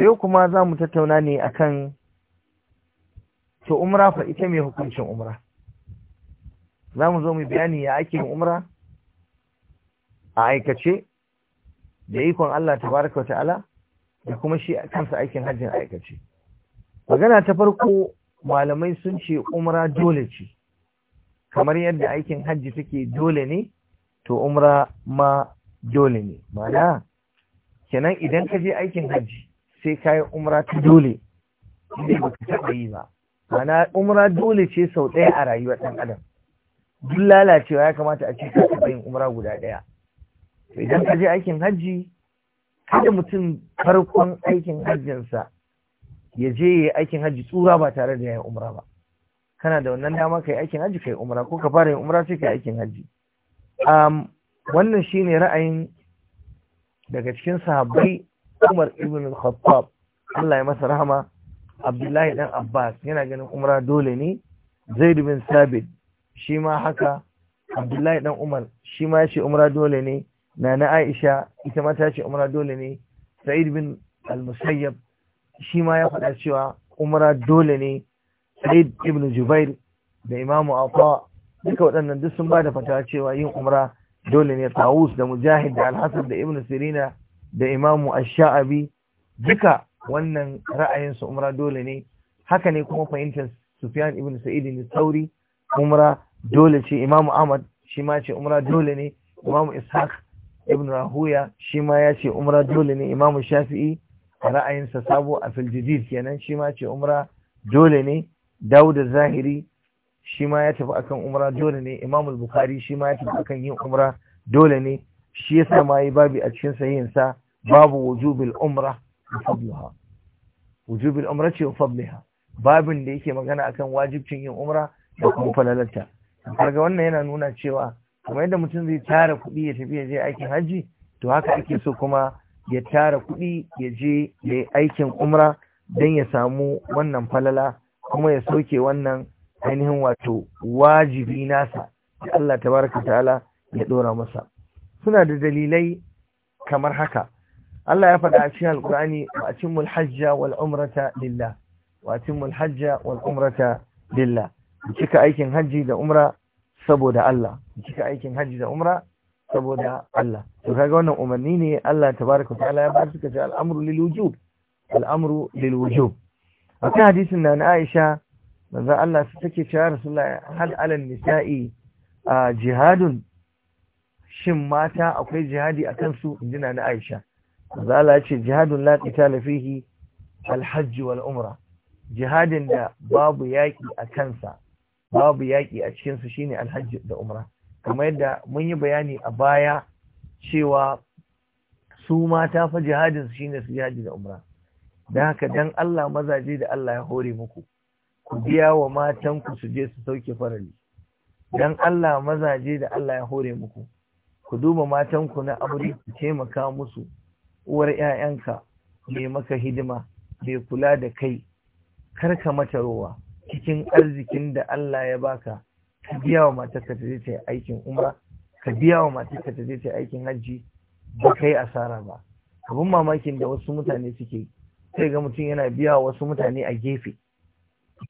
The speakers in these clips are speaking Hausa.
yau kuma za mu tattauna ne akan to umra fa ita mai hukuncin umra za mu zo mu bayani ya ake umra a aikace da ikon Allah ta baraka ta'ala da kuma shi kansa aikin hajjin aikace magana ta farko malamai sun ce umra dole ce kamar yadda aikin hajji take dole ne to umra ma dole ne mana kenan idan ka je aikin hajji sai ka yi umra ta dole inda ba ka taɓa yi ba mana umra dole ce sau ɗaya a rayuwar ɗan adam duk lalacewa ya kamata a ce ka taɓa umra guda ɗaya to idan ka je aikin hajji kada mutum farkon aikin hajjinsa ya je ya aikin hajji tsura ba tare da yayin umra ba kana da wannan dama ka yi aikin hajji ka yi umra ko ka fara yin umra sai yi aikin hajji um, Wannan shi ne ra'ayin daga cikin sahabbai Umar ibn khattab Allah ya masa rahama Abdullahi dan Abbas yana ganin umra dole ne Zaid bin Sabit shi ma haka abdullahi dan umar shi ma ya ce umra dole ne nana aisha ita ma ta ce umra dole ne sa'id bin al-musayyab shi ma ya faɗa cewa umra dole ne sa'id ibn jubair da imamu afa duka waɗannan duk sun ba da fata cewa yin umra dole ne tawus da mujahid da alhassan da ibn sirina da imamu ash-sha'abi duka wannan ra'ayin su umra dole ne haka ne kuma fahimtar sufyan ibn sa'id ne sauri umra dole ce imamu ahmad shi ma ce umra dole ne imamu ishaq ibn rahuya shi ma ya ce umra dole ne imamu shafi'i a ra'ayinsa sabo a filjidid kenan shi ma ce umra dole ne dawud zahiri shi ma ya tafi akan umra dole ne imamu bukhari shi ma ya tafi akan yin umra dole ne shi sa ma yi babi a cikin sa babu wujubil umra wa fadliha wujubil umra ce wa fadliha babin da yake magana akan wajibcin yin umra da kuma falalarta kaga wannan yana nuna cewa kamar yadda mutum zai tara kuɗi ya tafi ya je aikin hajji to haka ake so kuma ya tara kuɗi ya je ya yi aikin umra don ya samu wannan falala kuma ya soke wannan ainihin wato wajibi nasa da Allah tabaraka ta'ala ya ɗora masa suna da dalilai kamar haka Allah ya faɗa a cikin alƙur'ani wa atimul hajja wal umrata lillah wa atimul hajja wal umrata lillah mu cika aikin hajji da umra saboda Allah cika aikin hajji da umra saboda Allah to kaga wannan umarni ne Allah tabaraka ta'ala ya bar suka ce al'amru lil wujub al'amru lil wujub hadisin na Aisha manzo Allah su take cewa Rasulullah hal alal nisa'i jihadun shin mata akwai jihadi akan su injina na Aisha manzo Allah ya ce jihadun la qitala fihi al-hajj wal umra jihadin da babu yaki a kansa babu yaƙi a cikinsu shine alhaji da umra kamar yadda mun yi bayani a baya cewa su mata fa jihadin su shine su jihadi da umra don haka dan Allah mazaje da Allah ya hore muku ku biya wa matanku ku su je su sauke farali dan Allah mazaje da Allah ya hore muku ku duba matanku na aure ku taimaka musu uwar 'ya'yanka mai maka hidima mai kula da kai kar ka mata rowa cikin arzikin da Allah ya baka ka biya wa matarka ta je ta yi aikin umra ka biya wa matarka ta je ta yi aikin hajji ba kai asara ba abin mamakin da wasu mutane suke sai ga mutum yana biya wa wasu mutane a gefe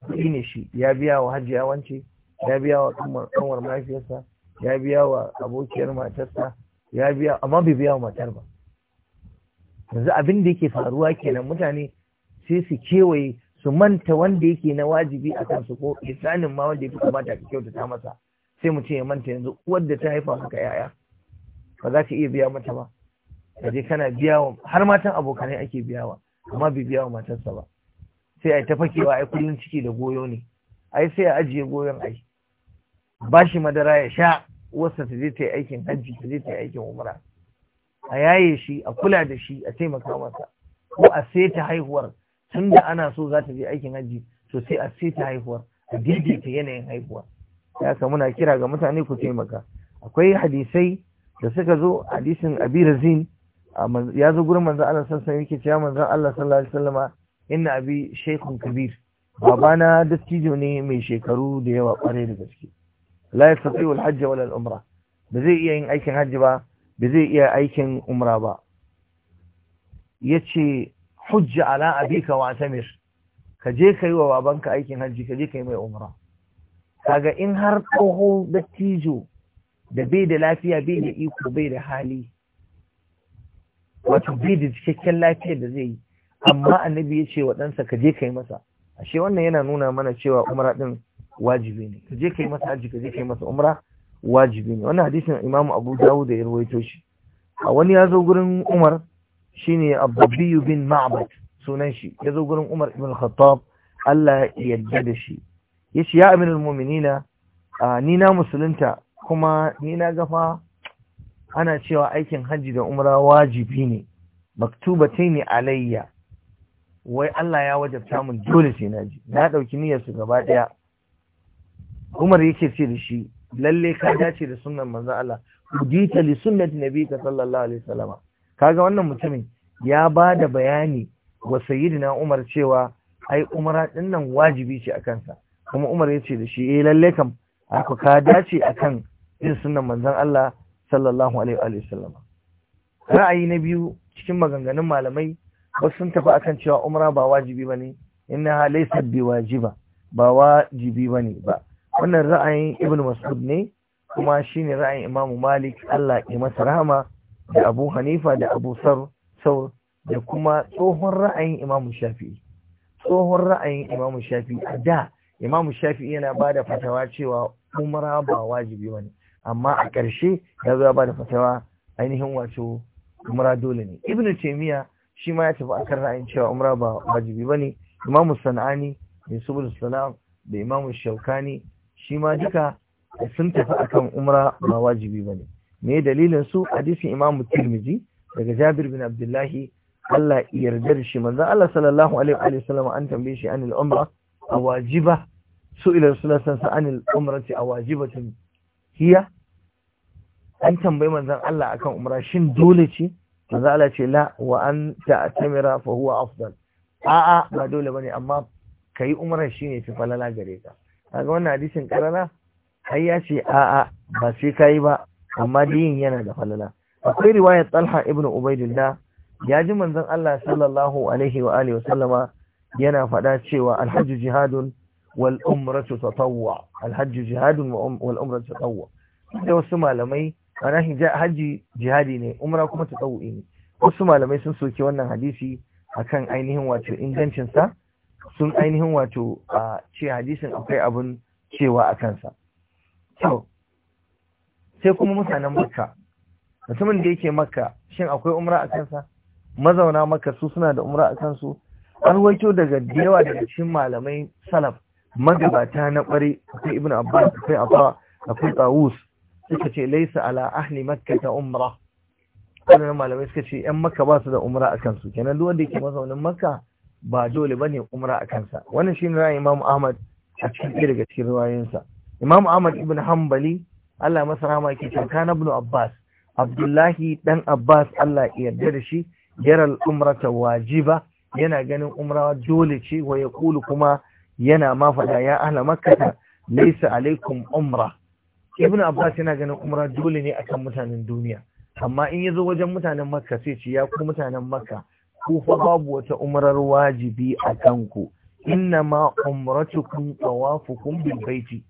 kuɗi ne shi ya biya wa hajji ya wance ya biya wa kanwar mafiyarsa, ya biya wa abokiyar matarsa ya biya amma bai biya wa matar ba yanzu abin da yake faruwa kenan mutane sai su kewaye su manta wanda yake na wajibi a kansu ko isanin ma wanda ya fi kamata ka kyautata masa sai mu ce ya manta yanzu uwar da ta haifa maka yaya ba za ka iya biya mata ba Ka je kana biya wa har matan abokanai ake biya wa amma bai biya wa matarsa ba sai ai ta fakewa ai kullun ciki da goyo ne ai sai a ajiye goyon ai ba shi madara ya sha uwarsa ta je ta yi aikin hajji ta je ta yi aikin umra a yaye shi a kula da shi a taimaka masa ko a saita haihuwar tun da ana so za ta je aikin hajji to sai a ta haihuwar a daidaita yanayin haihuwa ya ka muna kira ga mutane ku taimaka akwai hadisai da suka zo hadisin abi razin ya zo gurin manzon Allah sallallahu alaihi yake cewa manzon Allah sallallahu alaihi wasallama inna abi shaykhun kabir babana dattijo ne mai shekaru da yawa kware da gaske la yastati'u al-hajj wala al-umra ba zai iya yin aikin hajji ba ba zai iya aikin umra ba yace hujja ala abika wa tamir ka je kai wa babanka aikin hajji ka je kai mai umra kaga in har tsoho dattijo da bai da lafiya bai da iko bai da hali wato bai da cikakken lafiyar da zai yi amma annabi ya ce wa ɗansa ka je kai masa ashe wannan yana nuna mana cewa umra din wajibi ne ka je kai masa hajji ka je kai masa umra wajibi ne wannan hadisin imamu abu dawud da ya rawaito shi a wani ya zo gurin umar shine Abdubbi bin Ma'bad sunan shi ya zo gurin Umar ibn Khattab Allah ya yarda da shi yace ya aminul mu'minina ni na musulunta kuma ni na gafa ana cewa aikin hajji da umra wajibi ne maktubataini alayya wai Allah ya wajabta mun dole sai na ji na dauki niyyar su gaba daya Umar yake ce da shi lalle ka dace da sunan manzo Allah udita li sunnati nabika sallallahu alaihi wasallam Ka ga wannan mutumin ya ba da bayani wa sayyidina Umar cewa ai umara din nan wajibi ce a kansa kuma Umar ya ce da shi eh lalle kam aka ka dace akan yin sunnan manzon Allah sallallahu alaihi wa sallam ra'ayi na biyu cikin maganganun malamai wasu sun tafi akan cewa umara ba wajibi bane laysa bi wajiba, ba wajibi bane ba wannan ra'ayin ibnu Mas'ud ne kuma shine ra'ayin imamu Malik Allah ya masa rahama da abu hanifa da abu saur da kuma tsohon ra'ayin imamu shafi'i tsohon ra'ayin imamu shafi'i a da imamu shafi'i yana ba da fatawa cewa umra ba wajibi ba ne amma a ƙarshe ya zo ya ba da fatawa ainihin wato umra dole ne Ibn taymiya shi ma ya tafi akan ra'ayin cewa umra ba wajibi ba ne imamu sana'ani mai subul salam da imamu shaukani shi ma duka sun tafi akan umra ba wajibi ba ne me dalilin su hadisin Imam tirmizi daga Jabir bin Abdullahi Allah yarda da shi manzo Allah sallallahu alaihi wa sallam an tambaye shi anil umra awajiba ila rasulullah sallallahu anil umrati awajibatun hiya an tambayi manzo Allah akan umra shin dole ce manzo Allah ce la wa an ta'tamira fa huwa afdal a'a ba dole bane amma kai umra shine fi falala gare ka kaga wannan hadisin karara har ya ce a'a ba sai kai ba amma din yana da falala akwai riwayar Talha ibn UbaidulLah. ya ji manzon Allah sallallahu alaihi wa alihi wa sallama yana faɗa cewa alhajj jihadun wal umratu tatawwa alhajj jihadun um, wal umratu tatawwa da wasu malamai ana hajji jihadi ne umra kuma tatawwi ne wasu malamai sun soke wannan hadisi akan ainihin wato ingancin sa sun ainihin wato a ce hadisin akwai abun cewa a kansa to sai kuma mutanen makka mutumin da yake makka shin akwai umra a kansa mazauna makka su suna da umra a kansu an waito daga yawa daga cikin malamai salaf magabata na kware akwai ibn abbas akwai afa akwai tawus suka ce laisa ala ahli makka ta umra wannan malamai suka ce yan makka ba su da umra a kansu kenan duk wanda yake mazaunin makka ba dole bane umra a kansa wannan shine ra'ayin imam ahmad a cikin daga cikin riwayoyinsa imam ahmad ibn hanbali Allah masa rahama yake cewa ibn Abbas Abdullahi dan Abbas Allah ya yarda da shi yaral umrata wajiba yana ganin umra dole ce wa yaqulu kuma yana ma fada ya ahla makkah laysa alaikum umra Ibn Abbas yana ganin umra dole ne akan mutanen duniya amma in yazo wajen mutanen makka sai ce ya ku mutanen makka ku fa babu wata umrar wajibi a kanku innama ma umratukum tawafukum bil baiti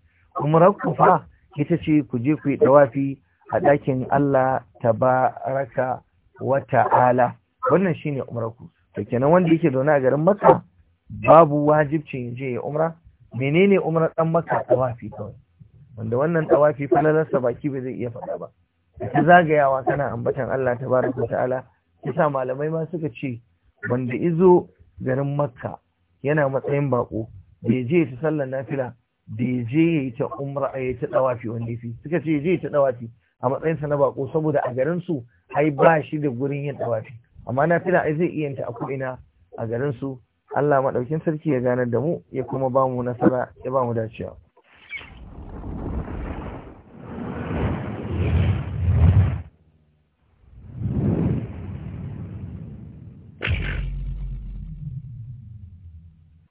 umrar ku fa ita ce ku je ku yi dawafi a ɗakin Allah tabaraka wa ta'ala wannan shine umarku. ku to kenan wanda yake zaune a garin Makka babu wajibcin je ya umra menene umra dan Makka dawafi kawai wanda wannan dawafi falalarsa baki ba zai iya faɗa ba ta zagayawa kana ambatan Allah tabaraka wa ta'ala yasa malamai ma suka ce wanda izo garin Makka yana matsayin bako bai je ta sallar nafila da ya je ya yi ta umra ya ta dawafi wanda fi suka ce ya je ya ta dawafi a matsayinsa na bako saboda a garin su ai ba shi da gurin yin dawafi amma na fila ai zai iya ta a na a garin su Allah maɗaukin sarki ya ganar da mu ya kuma ba mu nasara ya ba mu dacewa